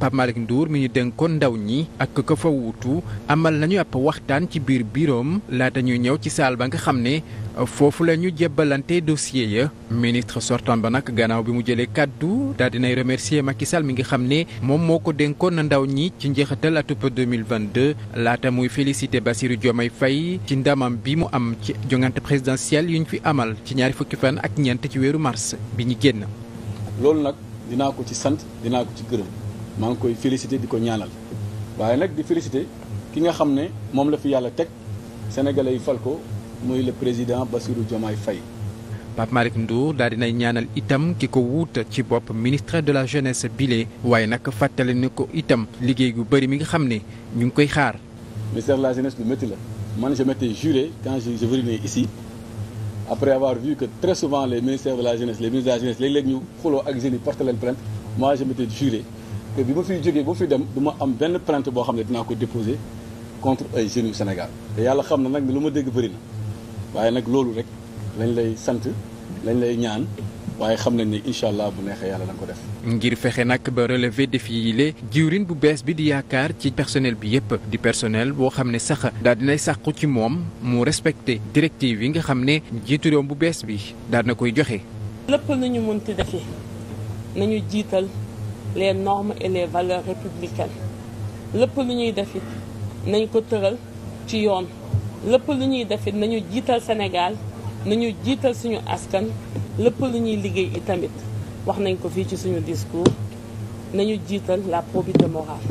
Pape Malick Ndour mi ñu dénkoon ndaw ñi ak ko fa wuutu amal nañu ab waxtaan ci biir biiroom laata ñuy ñëw ci saal ba nga xam ne euh, foofu la ñu jébbalante dossier ya ministre sortant ba nag gannaaw bi mu jëlee kàddu daal dinay remercier Macky Sall mi nga xam ne moom moo ko denkoon na ndaw ñi ci njeexital atub 2022 laata muy félicité Bassirou Diomaye fay ci ndamam bi mu am ci jongante présidentielle yu ñu fi amal ci ñaari fukki fan ak ñeent ci weeru mars bi ñu génn. loolu nag dinaa ko ci sant dinaa ko ci gërëm. maa ngi koy félicité di ko ñaanal waaye nag di félicité ki nga xam ne moom la fi yàlla teg sénégalais yi fal ko muy le président Bassirou Diomaye fay Pape Malick Ndour daal dinay ñaanal itam ki ko wuuta ci bopp ministre de la jeunesse bile waaye nag fàttali ni ko itam liggéey yu bari mi nga xam ne ñu ngi koy xaar ministère de la jeunesse lu métti la man je m'étais juré quand je venais ici après avoir vu que très souvent les ministères de la jeunesse les que bi ma fiy jógee ba fi dem du ma am benn plainte boo xam ne dinaa ko déposer contre ay jeunes yu Sénégal te yàlla xam na nag ne lu ma dégg bëri na waaye nag loolu rek lañ lay sant lañ lay ñaan waaye xam nañ ni incha allah bu neexee yàlla danga ko def. ngir fexe nag ba relever défi yi le jiwrin bu bees bi di yaakaar ci personnel bi yépp di personnel boo xam ne sax daal dinay sàqu ci moom mu respecté directive yi nga xam ne jiitu réew bu bees bi daal na koy joxe. les normes et les lépp lu ñuy def it nañ ko tëral ci yoon lépp lu ñuy def it nañu jiital Sénégal nañu jiital suñu askan lépp lu ñuy liggéey i tamit wax nañ ko fii ci suñu discours nañu jiital la probité morale.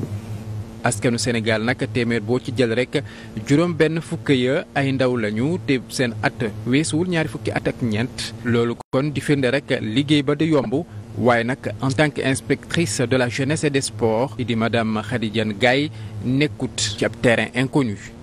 askanu Sénégal nag téeméer boo ci jël rek juróom benn fukk ya ay ndaw lañu te seen at weesuwul ñaari fukki at ak ñeent. loolu kon di firnde rek liggéey ba di yomb. waaye nag en tant que inspectrice de la jeunesse et des sports di madame Khady Diène Gaye nekkut ci ab terrain inconnu